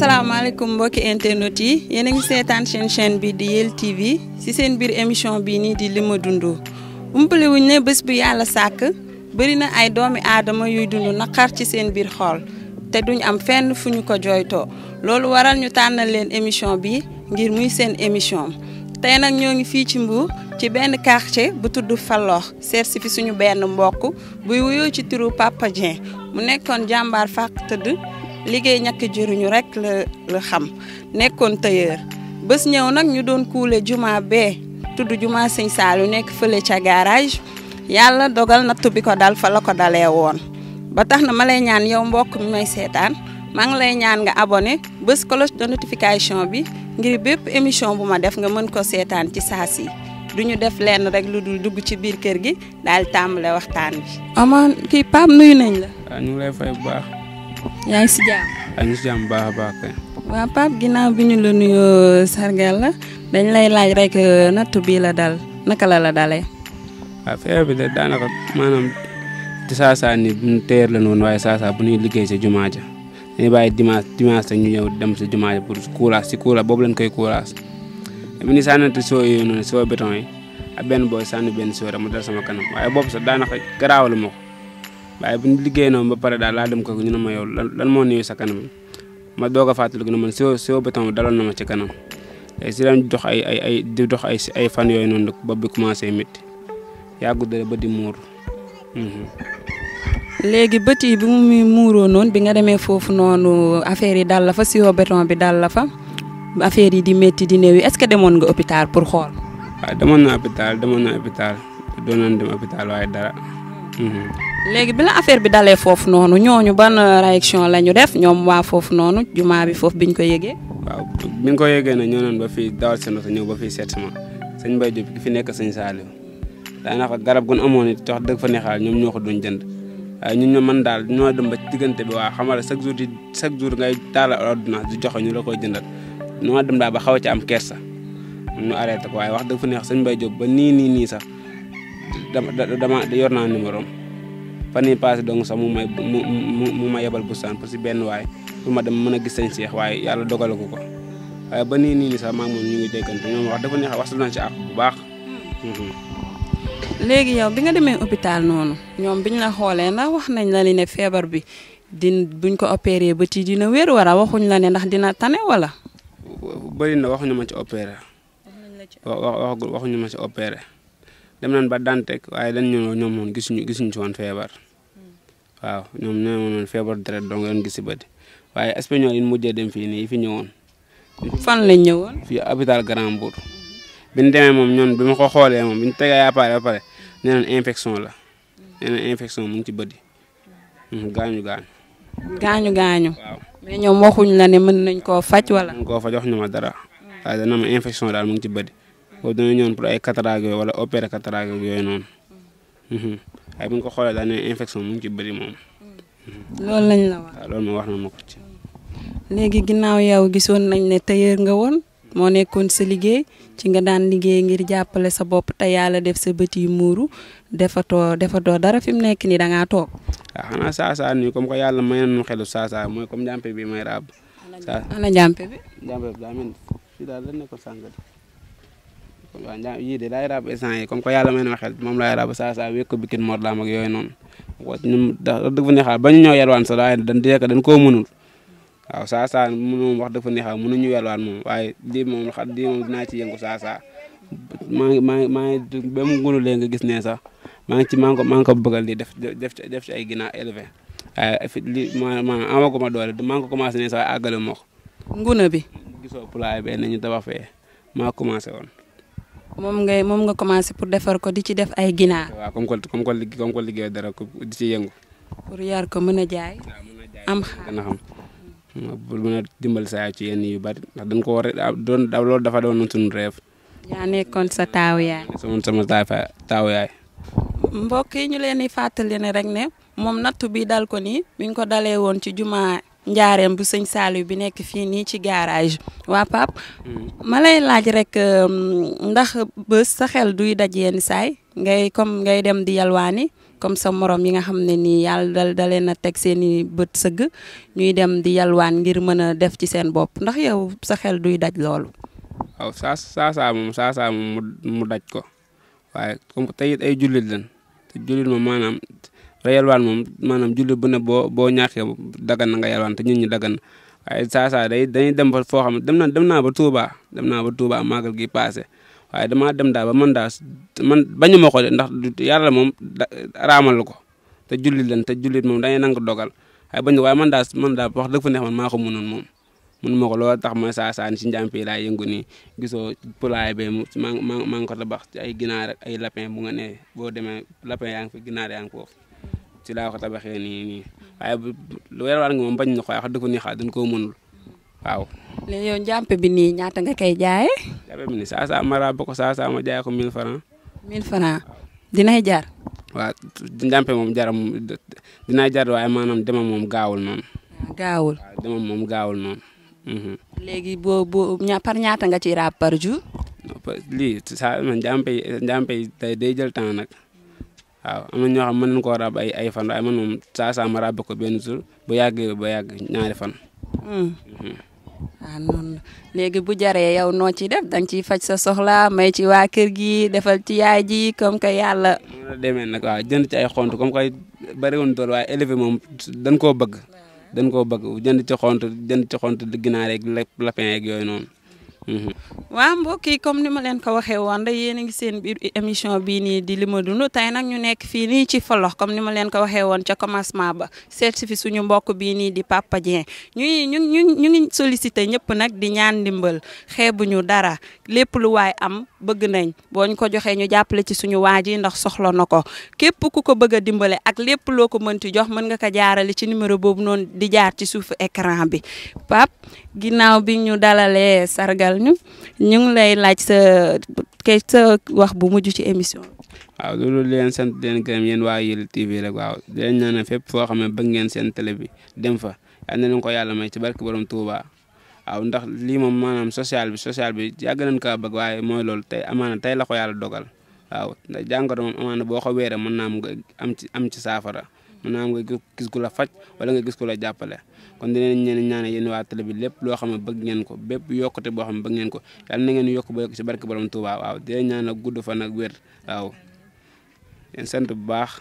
asalaamaaleykum mbokki internet yi yéen a ngi seetaan seen chaîne bi di Yel TV ci seen biir émission bii nii di lima dundoo dund ne bés bu yàlla sàkk bëri na ay doomi aadama yuy dund naqar ci seen biir xool te duñ am fenn fu ñu ko jooytoo loolu waral ñu tànnal leen émission bi ngir muy seen émission tey nag ñoo ngi fii ci Mbour ci benn quartier bu tudd Falokh seet si fi suñu benn mbokk buy wuyoo ci turu Papa Dieng mu nekkoon jàmbaar fàq tëdd liggéey ñàkk jëriñu rek la la xam nekkoon tailleur bés ñëw nag ñu doon kuule juma bee tudd juma sëñ Saalu nekk fële ca garage yàlla dogal na bi ko dal fa la ko dalee woon. ba tax na ma la ñaan yow mbokk may seetaan maa ngi lay ñaan nga abone bés cloche de bi ngir bépp émission bu ma def nga mën ko seetaan ci saa si du def lenn rek lu dul dugg ci biir kër gi daal tàmbale waxtaan bi. amaan kii Pape nuyu nañ la. Ah, yaa ngi si jàmm yaa ngi si jàmm baax a baax kay waa Pape ginnaaw bi ñu la nuyoo sargal la dañ lay laaj rek eh, nattu bii la dal naka la la dalee eh. waaw ah, feebar bi de daanaka maanaam ci saasaa ni buñ teer la noonu waaye saasaa bu ñuy liggéey sa jumaa ja dañuy bàyyi dimanche dimanche rek ñu ñëw dem sa jumaa ja pour kuuraas si kuuraas boobu lañ koy kuuraas bi ñu sànnante soo yooyu noonu soo béton yi ak benn booy sànni benn soo rek mu dal sama kanam waaye boobu sax daanaka garaawalu ma ko waaye bi ñu liggéey noonu ba pare daal laa dem ko ñu ne ma la lan lan moo nuyu kanam ma doog a fàttaliku ne man siwo siwo béton bi daloon na ma ci kanam si daan dox ay ay ay di dox ay ay fan yooyu noonu bopp bi commencé métti yàggu dara ba di muur. Mhm. léegi bët yi bi mu muuroo noonu bi nga demee foofu noonu affaire yi dal la fa siwo béton bi dal la fa affaire yi di métti di néew yi est-ce que demoon nga hôpital pour xool. waaw demoon na hôpital demoon na hôpital doon nañ dem hôpital waaye dara. Mhm. léegi bi la affaire bi dalee foofu noonu ñooñu ban réaction la ñu def ñoom waa foofu noonu jumaa bi foofu biñ ko yëgee. waaw bi ko yëgee nag ñoo ba fii dawal seen oto ñëw ba fii seet sama sëñ Mbaye Diop fi nekk sëñ Saliou daanaka garab gun amoon it wax dëgg fa neexaal ñoom ñoo ko doon jënd ñun ñoo man daal ñoo dem ba diggante bi waa xamal chaque jour di chaque jour ngay taal ordonnance di joxe ñu la koy nu ñoo dem daal ba xaw a ci am kersa nu arrêté ko waaye wax dëgg fa neex sañ Mbaye Diop ba nii nii nii sax dama da yor naa numéro fan yii passé donc sax mu may mu mu mu ma yebal bustaan pour si benn waay pour ma dem mën a gis sëñ Cheikh waaye yàlla dogal ko waaye ba nii nii sax maa ngi ñu ngi déggante ñoom wax dafa neex wax nañ ci àq bu baax. léegi yow bi nga demee hôpital noonu ñoom biñ la xoolee ndax wax nañ la ne feebar bi din buñ ko opéré ba ci dina wér wala waxuñ la ne ndax dina tane wala. bëri na waxuñu ma ci opéré. waxuñu ma ci opéré. dem nañ ba daan teg waaye dañ ñëw ñoom noonu gisuñu gisuñu si woon feebar hmm. waaw ñoom ñoo feebar deret dong doon gis si bët waaye espagnol yi mujjee dem fii nii fi ñëwoon. fan lañ ñëwoon. fii hôpital Grand Mbour. bi moom ñoom bi mu ko xoolee moom bi ñu tegee appareil ba pare nee nañ infection la hmm. nee nañ infection mu ngi ci bët yi hmm, gaañu gaañu. gaañu gaañu. waaw mais ñoom waxuñ la ne mën nañ koo faj wala. mën nañ koo faj wax ñu ma dara waaye dana am infection daal mu ngi ci bët yi boobu dana ñëwoon pour ay cataracte yooyu wala opérer cataracte yooyu noonu waaye mhm. bu ñu ko xoolee daal ne infection mu ngi ci bëri moom. Mhm. loolu lañ la wax. waaw loolu wax na ma ko ci. léegi ginnaaw yow gisoon nañ ne tailleur nga woon moo nekkoon sa liggéey ci nga daan liggéey ngir jàppale sa bopp te yàlla def sa bët yi muuru defatoo defatoo dara fi mu nekk nii da toog. waaw ah, xanaa saasaa nii comme que yàlla may nañu xelu saasaa mooy comme jàmpe bi may raab. ana jàmpe bi. jàmpe bi daa waaw ñaa yii de daay raab instant yi comme que yàlla may na ma xel moom laay raab saa saa wékk ko bikin mor daam ak yooyu noonu wa ñun da dëgg fa neexaa ba ñu ñëw yelwaan sax dañ diyekk dañ koo mënul waaw saa saa wax dëgg fa neexaa mënuñu yelwaan moom waaye moom xam lii moom dinaa ci yëngu saa saa maa ngi maa ba mu ngunu lee nga gis ne sax maa ngi ci maa ngi ko maa ngi ko bëggal di def def def ci ay ginaar élevé waaye fi li ma ma amaguma doole maa ko commencé ne sax àggale moo ko bi gisoo pulaay bee nañu tabax maa commencé woon moom ngay moom nga commencé pour defar ko di ci def ay ginaar. waaw comme que comme que comme que liggéey dara di ci yëngu. pour yar ko mën a jaay. am xam am pour mën a dimbal saa ci yenn yu bari ndax dañ ko war a doon loolu dafa doon suñu rêve. yaa nekkoon sa taaw yaay. sama sama taaw yaay. mbokk yi ñu leen di rek ne moom nattu bi dal ko nii bi ko dalee woon ci jumaa ndiarem bu seigne salu bi nek fi ni ci garage wa pap hmm. malay laaj rek um, ndax bés sa xel duy daj yenn saay ngay comme ngay dem di yalwani comme sa morom yi nga xamne ni yal dal dalena tek seni beut seug ñuy dem di yalwan ngir meuna def ci sen bop ndax yow sa xel duy daj loolu. waaw sa sa sa mu sa sa mu daj ko waye comme tayit ay julit lan te jullit moom te yalwaan moom maanaam julli bu ne boo boo ñàkkee dagan na nga yalwaan te ñun ñu dagan waaye saa saa day dañuy dem ba foo xam ne dem na dem naa ba Touba dem naa ba Touba màggal gi paase waaye damaa dem daal ba man daa man bañu ma ko de ndax yàlla moom raamal ko te jullit leen te jullit moom dañuy nangu dogal waaye bañ man daa man daal wax dëgg ka neex man maa ko mënoon moom mun ma ko loo tax ma saa saa ni si njàmp yi laay yëngu nii gisoo poulailler bi maa maa maa ngi ko tabax ci ay ginaar ay lapin mu nga nee boo demee lapin yaa ngi ginaar yaa foofu ci la ko tabaxee ni nii waaye lu weer war nga mom bañ na ko wax dëgg ni xaa dañ ko mënul waaw. léegi yow jampé bi ni ñaata nga kay jaay njàmpe bi ni sa sa mara raab ko sa saa ma jaay ko 1000 francs. 1000 francs dina jaar wa jampé mom jaram dina jaar waye manam dema mom gaawul non gaawul waaw mom moom gaawul noonu. Ah, mhm. léegi boo bo ña par ñaata nga ci rap par jour. li sa man jampé jampé day jël temps nak waaw am na ñoo xam mën nañ koo rab ay ay fan waaye man moom saa saa ma ràbb ko benn jour bu yàggee ba yàgg ñaari fan. Hmm. Hmm. Ah, léegi bu jaree yow noo ciy def danga ciy faj sa soxla may ci waa kër gi defal ci yaay ji comme que yàlla. noonu nag waaw jënd ci ay xont comme que bari woon dool waaye élevé moom dañ koo bëgg. dañ koo bëgg jënd ci xont jënd ci xont ginaar yeeg lapin yeeg yooyu noonu. Mhm. waaw mbokk yi comme ni ma leen ko waxee woon rek yéen a ngi seen biir émission bii nii di lima ma dund tey nag ñu nekk fii nii ci Falox comme ni ma leen ko waxee woon ca commencement ba seet fi suñu mbokk bii nii di Papa Dieng ñuy ñu ñu ñu ngi sollicité ñëpp nag di ñaan ndimbal ñu dara lépp lu waay am bëgg nañ boo ñu ko joxee ñu jàppale ci suñu waa ji ndax soxla na ko képp ku ko bëgg a dimbale ak lépp loo ko mënti jox mën nga ko jaarale ci numéro boobu noonu di jaar ci suufu écran bi Pape ginnaaw bi ñu dalalee sargal ñu ñu ngi lay laaj sa kay sa wax bu mujj ci émission waaw loolu di leen sant leen gërëm yéen waa Yelli TV rek waaw di leen ñaanal fépp foo xam ne bëgg ngeen seen télé bi dem fa yal na leen ko yàlla may ci barke borom Touba. waaw ndax lii moom maanaam social bi social bi yàgg nañ mooy loolu tey amaana tey la ko yàlla dogal waaw ndax jàngoro moom amaana boo ko weeree mën naa am nga am ci am ci saafara mën naa am nga gis ku la faj wala nga gis ku la jàppale kon dinañ leen ñaan yéen waa télé lépp loo xam ne bëgg ngeen ko bépp yokkute boo xam ne bëgg ngeen ko yàlla na ngeen yokk ba yokk si barke borom Touba waaw dinañ ñaan nag gudd fan ak wér waaw leen sant bu baax.